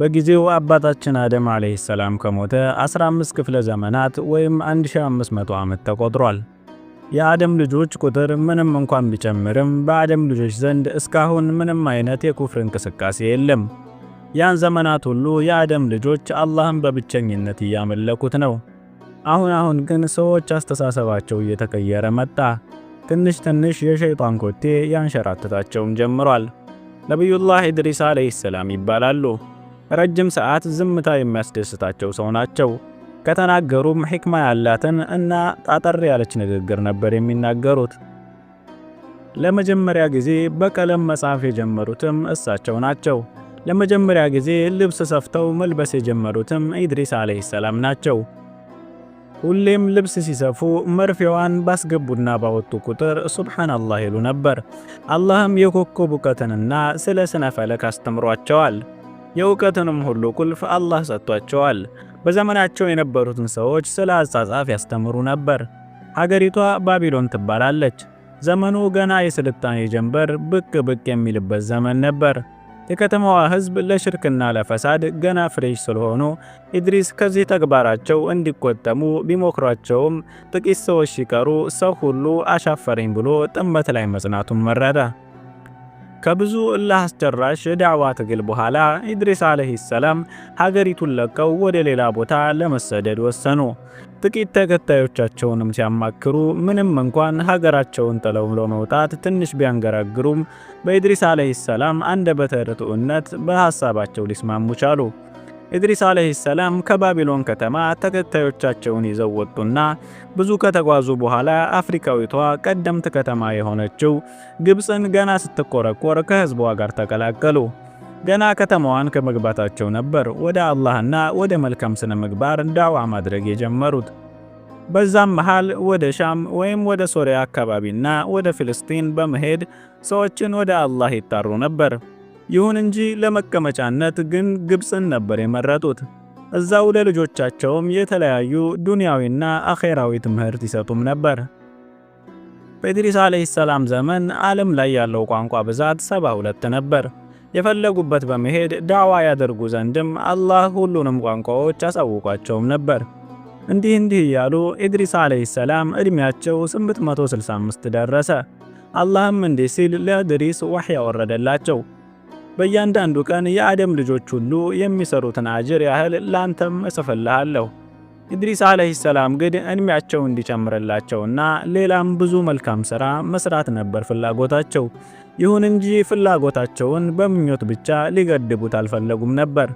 በጊዜው አባታችን አደም ዓለይሂ ሰላም ከሞተ 15 ክፍለ ዘመናት ወይም 1500 ዓመት ተቆጥሯል። የአደም ልጆች ቁጥር ምንም እንኳን ቢጨምርም በአደም ልጆች ዘንድ እስካሁን ምንም አይነት የኩፍር እንቅስቃሴ የለም። ያን ዘመናት ሁሉ የአደም ልጆች አላህን በብቸኝነት እያመለኩት ነው። አሁን አሁን ግን ሰዎች አስተሳሰባቸው እየተቀየረ መጣ። ትንሽ ትንሽ የሸይጣን ኮቴ ያንሸራተታቸውም ጀምሯል። ነቢዩላህ ኢድሪስ ዓለይሂ ሰላም ይባላሉ። ረጅም ሰዓት ዝምታ የሚያስደስታቸው ሰው ናቸው። ከተናገሩም ሕክማ ያላትን እና ጣጠር ያለች ንግግር ነበር የሚናገሩት። ለመጀመሪያ ጊዜ በቀለም መጻፍ የጀመሩትም እሳቸው ናቸው። ለመጀመሪያ ጊዜ ልብስ ሰፍተው መልበስ የጀመሩትም ኢድሪስ አለይሂ ሰላም ናቸው። ሁሌም ልብስ ሲሰፉ መርፌዋን ባስገቡና ባወጡ ቁጥር ሱብሃንአላህ ይሉ ነበር። አላህም የኮከብ እውቀትንና ስለ ስነ ፈለክ አስተምሯቸዋል። የእውቀትንም ሁሉ ቁልፍ አላህ ሰጥቷቸዋል። በዘመናቸው የነበሩትን ሰዎች ስለ አጻጻፍ ያስተምሩ ነበር። ሀገሪቷ ባቢሎን ትባላለች። ዘመኑ ገና የስልጣኔ ጀንበር ብቅ ብቅ የሚልበት ዘመን ነበር። የከተማዋ ሕዝብ ለሽርክና ለፈሳድ ገና ፍሬሽ ስለሆኑ ኢድሪስ ከዚህ ተግባራቸው እንዲቆጠሙ ቢሞክሯቸውም ጥቂት ሰዎች ሲቀሩ ሰው ሁሉ አሻፈረኝ ብሎ ጥመት ላይ መጽናቱን መረዳ። ከብዙ እልህ አስጨራሽ የዳዕዋ ትግል በኋላ ኢድሪስ አለህ ሰላም ሀገሪቱን ለቀው ወደ ሌላ ቦታ ለመሰደድ ወሰኑ። ጥቂት ተከታዮቻቸውንም ሲያማክሩ ምንም እንኳን ሀገራቸውን ጥለው ለመውጣት ትንሽ ቢያንገራግሩም በኢድሪስ አለህ ሰላም አንደበተ ርቱዕነት በሐሳባቸው ሊስማሙ ቻሉ። ኢድሪስ ዓለይሂ ሰላም ከባቢሎን ከተማ ተከታዮቻቸውን ይዘው ወጡና ብዙ ከተጓዙ በኋላ አፍሪካዊቷ ቀደምት ከተማ የሆነችው ግብፅን ገና ስትቆረቆር ከህዝቧ ጋር ተቀላቀሉ። ገና ከተማዋን ከመግባታቸው ነበር ወደ አላህና ወደ መልካም ስነ ምግባር ዳዋ ማድረግ የጀመሩት። በዛም መሃል ወደ ሻም ወይም ወደ ሶሪያ አካባቢና ወደ ፍልስጢን በመሄድ ሰዎችን ወደ አላህ ይጣሩ ነበር። ይሁን እንጂ ለመቀመጫነት ግን ግብፅን ነበር የመረጡት። እዛው ለልጆቻቸውም የተለያዩ ዱንያዊና አኼራዊ ትምህርት ይሰጡም ነበር። በኢድሪስ አለይሂ ሰላም ዘመን ዓለም ላይ ያለው ቋንቋ ብዛት 72 ነበር። የፈለጉበት በመሄድ ዳዋ ያደርጉ ዘንድም አላህ ሁሉንም ቋንቋዎች አሳውቋቸውም ነበር። እንዲህ እንዲህ እያሉ ኢድሪስ አለይሂ ሰላም ዕድሜያቸው 865 ደረሰ። አላህም እንዲህ ሲል ለኢድሪስ ወሕይ ያወረደላቸው በእያንዳንዱ ቀን የአደም ልጆች ሁሉ የሚሰሩትን አጅር ያህል ላንተም እሰፈልሃለሁ። ኢድሪስ ዓለይሂ ሰላም ግን እድሜያቸው እንዲጨምርላቸውና ሌላም ብዙ መልካም ሥራ መስራት ነበር ፍላጎታቸው። ይሁን እንጂ ፍላጎታቸውን በምኞት ብቻ ሊገድቡት አልፈለጉም ነበር።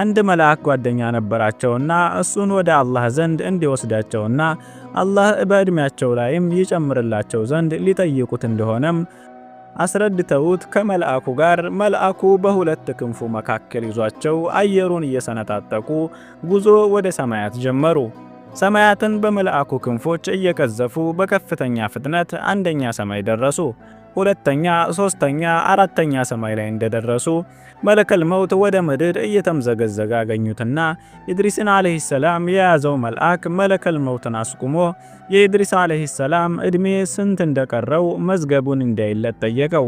አንድ መልአክ ጓደኛ ነበራቸውና እሱን ወደ አላህ ዘንድ እንዲወስዳቸውና አላህ በዕድሜያቸው ላይም ይጨምርላቸው ዘንድ ሊጠይቁት እንደሆነም አስረድተውት ከመልአኩ ጋር መልአኩ በሁለት ክንፉ መካከል ይዟቸው አየሩን እየሰነጣጠቁ ጉዞ ወደ ሰማያት ጀመሩ። ሰማያትን በመልአኩ ክንፎች እየቀዘፉ በከፍተኛ ፍጥነት አንደኛ ሰማይ ደረሱ። ሁለተኛ፣ ሶስተኛ፣ አራተኛ ሰማይ ላይ እንደደረሱ መለከል መውት ወደ ምድር እየተምዘገዘገ አገኙትና ኢድሪስን አለህ ሰላም የያዘው መልአክ መለከል መውትን አስቁሞ የኢድሪስ አለህ ሰላም ዕድሜ ስንት እንደቀረው መዝገቡን እንዳይለት ጠየቀው።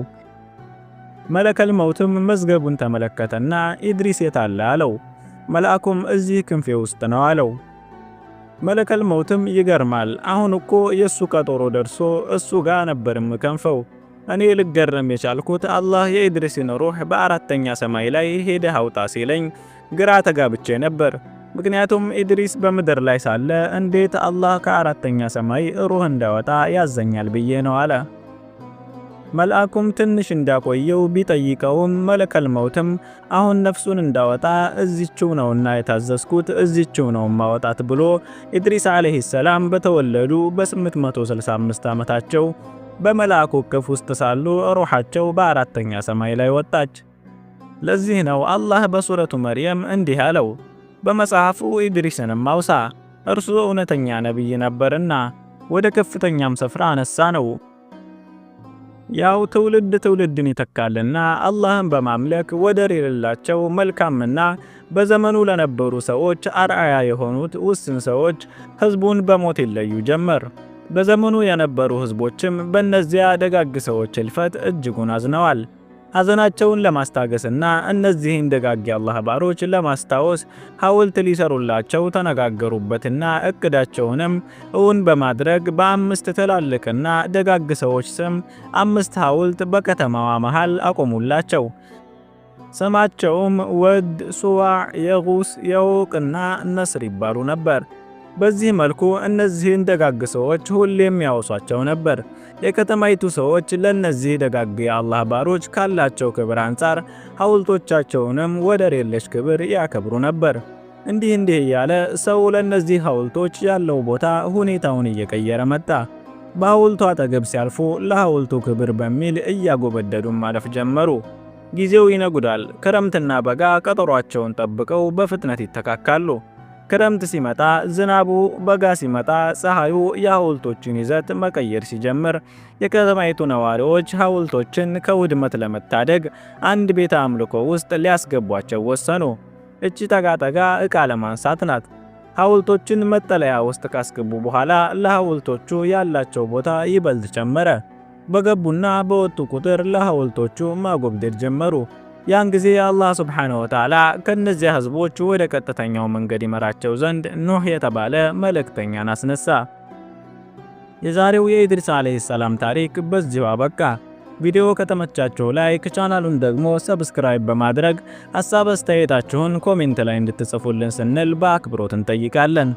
መለከል መውትም መዝገቡን ተመለከተና ኢድሪስ የታለ አለው። መልአኩም እዚህ ክንፌ ውስጥ ነው አለው። መለከል መውትም ይገርማል፣ አሁን እኮ የእሱ ቀጠሮ ደርሶ እሱ ጋር ነበርም ከንፈው? እኔ ልገረም የቻልኩት አላህ የኢድሪስን ሩህ በአራተኛ ሰማይ ላይ ሄደህ አውጣ ሲለኝ ግራ ተጋብቼ ነበር። ምክንያቱም ኢድሪስ በምድር ላይ ሳለ እንዴት አላህ ከአራተኛ ሰማይ ሩህ እንዳወጣ ያዘኛል ብዬ ነው አለ። መልአኩም ትንሽ እንዳቆየው ቢጠይቀውም መለከል መውትም አሁን ነፍሱን እንዳወጣ እዚችው ነውና የታዘዝኩት እዚችው ነው ማወጣት ብሎ ኢድሪስ አለይሂ ሰላም በተወለዱ በ865 ዓመታቸው በመልአኩ እቅፍ ውስጥ ሳሉ ሩሃቸው በአራተኛ ሰማይ ላይ ወጣች። ለዚህ ነው አላህ በሱረቱ መርየም እንዲህ አለው፣ በመጽሐፉ ኢድሪስንም አውሳ እርሱ እውነተኛ ነቢይ ነበርና ወደ ከፍተኛም ስፍራ አነሳ ነው። ያው ትውልድ ትውልድን ይተካልና አላህን በማምለክ ወደር የሌላቸው መልካምና በዘመኑ ለነበሩ ሰዎች አርአያ የሆኑት ውስን ሰዎች ሕዝቡን በሞት ይለዩ ጀመር። በዘመኑ የነበሩ ህዝቦችም በእነዚያ ደጋግ ሰዎች እልፈት እጅጉን አዝነዋል። ሐዘናቸውን ለማስታገስና እነዚህን ደጋግ የአላህ ባሮች ለማስታወስ ሐውልት ሊሰሩላቸው ተነጋገሩበትና እቅዳቸውንም እውን በማድረግ በአምስት ትላልቅና ደጋግ ሰዎች ስም አምስት ሐውልት በከተማዋ መሃል አቆሙላቸው። ስማቸውም ወድ፣ ሱዋዕ፣ የጉስ፣ የውቅና ነስር ይባሉ ነበር። በዚህ መልኩ እነዚህን ደጋግ ሰዎች ሁሌም ያወሷቸው ነበር። የከተማይቱ ሰዎች ለእነዚህ ደጋግ የአላህ ባሮች ካላቸው ክብር አንጻር ሐውልቶቻቸውንም ወደር የለሽ ክብር ያከብሩ ነበር። እንዲህ እንዲህ እያለ ሰው ለእነዚህ ሐውልቶች ያለው ቦታ ሁኔታውን እየቀየረ መጣ። በሐውልቱ አጠገብ ሲያልፉ ለሐውልቱ ክብር በሚል እያጎበደዱም ማለፍ ጀመሩ። ጊዜው ይነጉዳል። ክረምትና በጋ ቀጠሯቸውን ጠብቀው በፍጥነት ይተካካሉ። ክረምት ሲመጣ ዝናቡ፣ በጋ ሲመጣ ፀሐዩ የሐውልቶችን ይዘት መቀየር ሲጀምር የከተማይቱ ነዋሪዎች ሐውልቶችን ከውድመት ለመታደግ አንድ ቤተ አምልኮ ውስጥ ሊያስገቧቸው ወሰኑ። እቺ ጠጋጠጋ ዕቃ ለማንሳት ናት። ሐውልቶችን መጠለያ ውስጥ ካስገቡ በኋላ ለሐውልቶቹ ያላቸው ቦታ ይበልጥ ጨመረ። በገቡና በወጡ ቁጥር ለሐውልቶቹ ማጎብደድ ጀመሩ። ያን ጊዜ አላህ ስብሓነሁ ወተዓላ ከእነዚያ ህዝቦች ወደ ቀጥተኛው መንገድ ይመራቸው ዘንድ ኑህ የተባለ መልእክተኛን አስነሳ። የዛሬው የኢድሪስ ዓለይሂ ሰላም ታሪክ በዚሁ አበቃ። ቪዲዮ ከተመቻችሁ ላይክ፣ ቻናሉን ደግሞ ሰብስክራይብ በማድረግ ሐሳብ አስተያየታችሁን ኮሜንት ላይ እንድትጽፉልን ስንል በአክብሮት እንጠይቃለን።